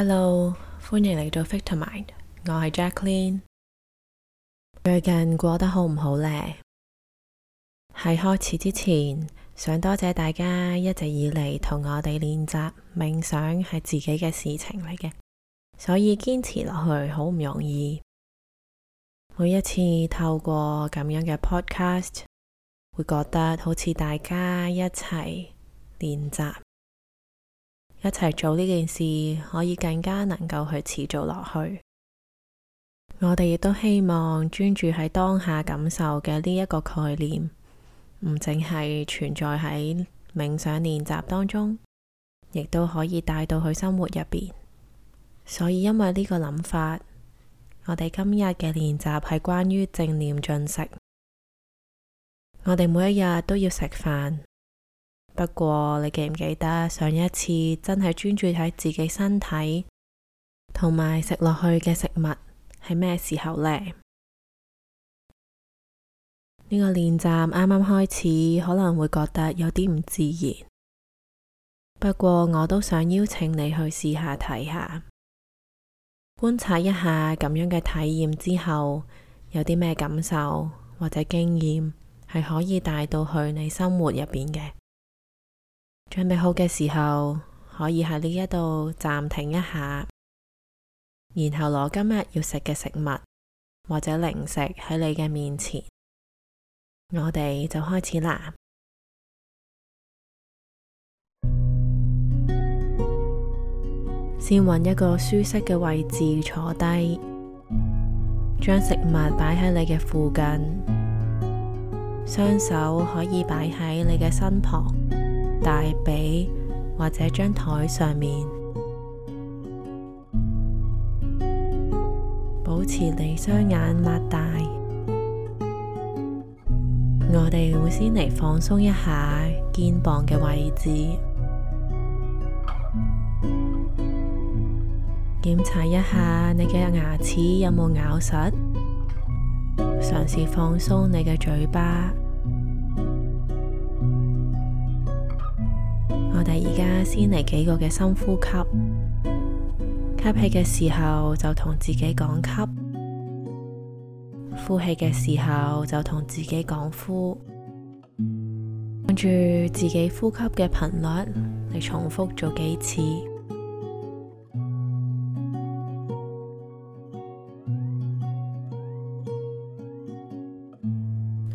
Hello，歡迎嚟到 Vitamind，我係 Jaclyn。最近過得好唔好呢？喺開始之前，想多謝大家一直以嚟同我哋練習。冥想係自己嘅事情嚟嘅，所以堅持落去好唔容易。每一次透過咁樣嘅 Podcast，會覺得好似大家一齊練習。一齊做呢件事，可以更加能夠去持續落去。我哋亦都希望專注喺當下感受嘅呢一個概念，唔淨係存在喺冥想練習當中，亦都可以帶到去生活入邊。所以因為呢個諗法，我哋今日嘅練習係關於正念進食。我哋每一日都要食飯。不過你記唔記得上一次真係專注喺自己身體同埋食落去嘅食物係咩時候呢？呢個練習啱啱開始，可能會覺得有啲唔自然。不過我都想邀請你去試下睇下，觀察一下咁樣嘅體驗之後有啲咩感受或者經驗係可以帶到去你生活入邊嘅。準備好嘅時候，可以喺呢一度暫停一下，然後攞今日要食嘅食物或者零食喺你嘅面前，我哋就開始啦。 先揾一個舒適嘅位置坐低，將食物擺喺你嘅附近，雙手可以擺喺你嘅身旁。大髀或者張台上面，保持你雙眼擘大。我哋會先嚟放鬆一下肩膀嘅位置，檢查一下你嘅牙齒有冇咬實，嘗試放鬆你嘅嘴巴。我哋而家先嚟幾個嘅深呼吸，吸氣嘅時候就同自己講吸，呼氣嘅時候就同自己講呼，按住自己呼吸嘅頻率你重複做幾次。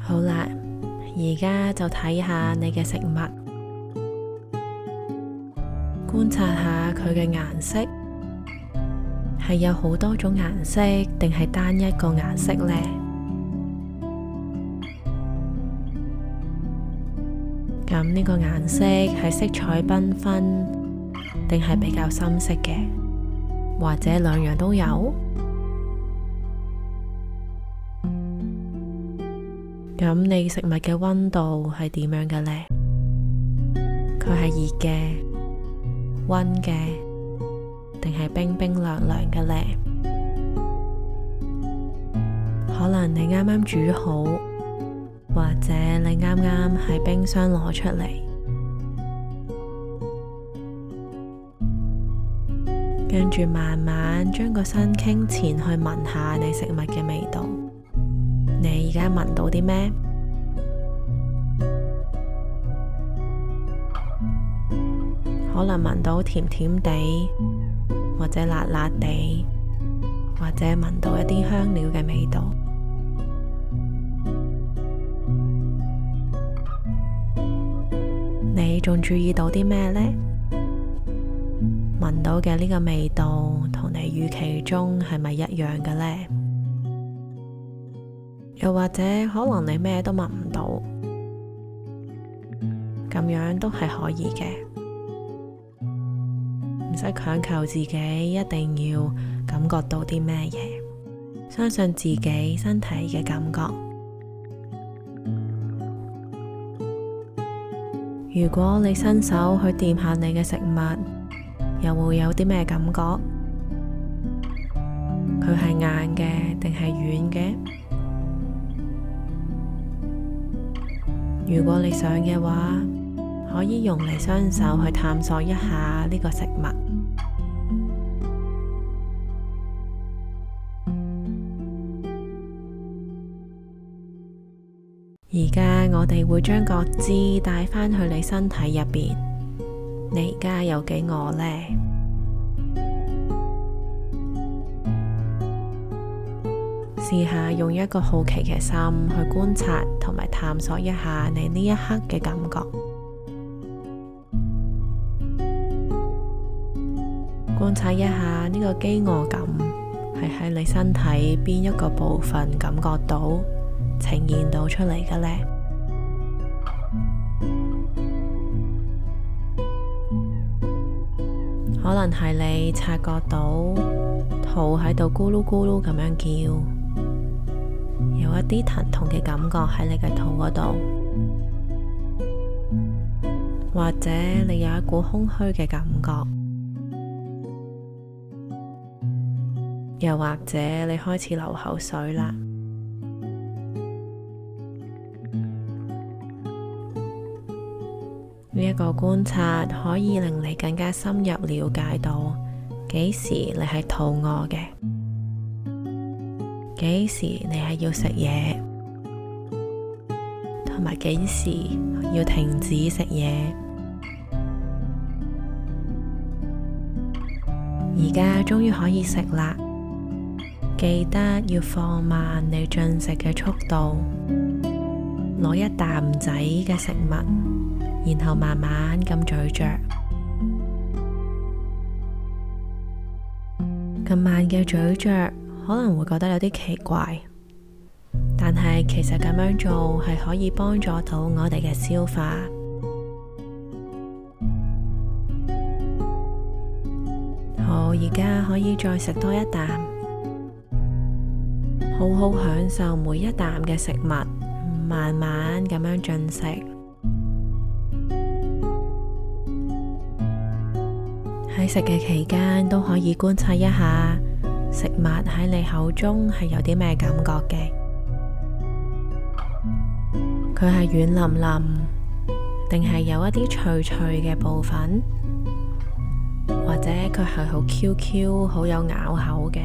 好啦，而家就睇下,你嘅食物。觀察下佢嘅顏色，係有好多種顏色，定係單一個顏色呢？咁呢個顏色係色彩繽紛，定係比較深色嘅，或者兩樣都有？咁你食物嘅溫度係點樣嘅呢？佢係熱嘅。溫嘅，定係冰冰涼涼嘅呢？可能你啱啱煮好，或者你啱啱喺冰箱攞出嚟，跟住慢慢將個身傾前去聞下你食物嘅味道。你而家聞到啲咩？可能聞到甜甜地，或者辣辣地，或者聞到一啲香料嘅味道。你仲注意到啲咩呢？聞到嘅呢個味道，同你預期中係咪一樣嘅呢？又或者可能你咩都聞唔到，咁樣都係可以嘅。唔使強求自己一定要感覺到啲咩嘢，相信自己身體嘅感覺。如果你伸手去掂下你嘅食物，又會有啲咩感覺？佢係硬嘅定係軟嘅？如果你想嘅話，可以用你雙手去探索一下呢個食物。而家我哋會將個枝帶返去你身體入邊，你而家有幾餓呢？試下用一個好奇嘅心去觀察同埋探索一下你呢一刻嘅感覺，觀察一下呢個飢餓感係喺你身體邊一個部分感覺到。呈現到出嚟嘅呢，可能係你察覺到肚喺度咕嚕咕嚕咁樣叫，有一啲疼痛嘅感覺喺你嘅肚嗰度，或者你有一股空虛嘅感覺，又或者你開始流口水啦。呢一個觀察可以令你更加深入了解到，幾時你係肚餓嘅，幾時你係要食嘢，同埋幾時要停止食嘢。而家終於可以食啦，記得要放慢你進食嘅速度，攞一啖仔嘅食物。然後慢慢咁咀嚼，咁慢嘅咀嚼可能會覺得有啲奇怪，但係其實咁樣做係可以幫助到我哋嘅消化。好，而家可以再食多一啖，好好享受每一啖嘅食物，慢慢咁樣進食。喺食嘅期間都可以觀察一下食物喺你口中係有啲咩感覺嘅？佢係軟腍腍，定係有一啲脆脆嘅部分，或者佢係好 Q Q，好有咬口嘅？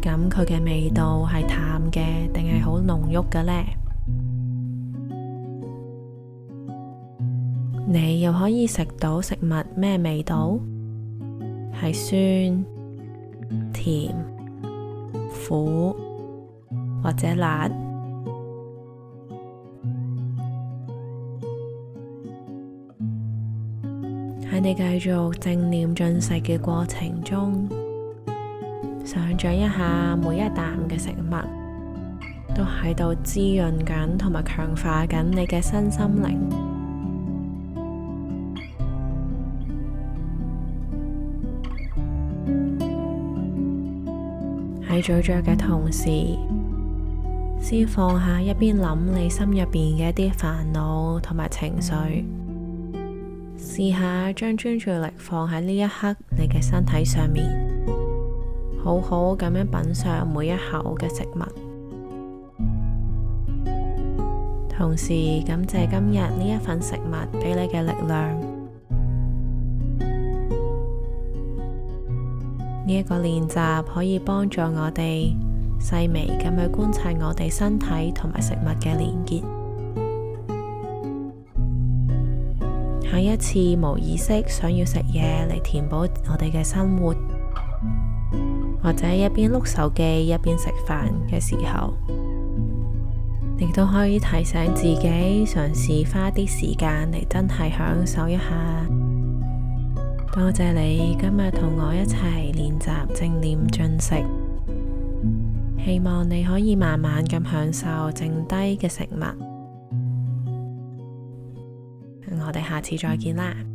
咁佢嘅味道係淡嘅，定係好濃郁嘅呢？你又可以食到食物咩味道？係酸、甜、苦或者辣？喺你繼續正念進食嘅過程中，想象一下每一啖嘅食物都喺度滋潤緊同埋強化緊你嘅身心靈。咀嚼嘅同時，先放下一邊諗你心入邊嘅一啲煩惱同埋情緒，試下將專注力放喺呢一刻你嘅身體上面，好好咁樣品嘗每一口嘅食物，同時感謝今日呢一份食物俾你嘅力量。呢一個練習可以幫助我哋細微咁去觀察我哋身體同埋食物嘅連結，下一次無意識想要食嘢嚟填補我哋嘅生活，或者一邊碌手機一邊食飯嘅時候，你都可以提醒自己嘗試花啲時間嚟真係享受一下。多謝你今日同我一齊練習正念進食，希望你可以慢慢咁享受剩低嘅食物。我哋下次再見啦。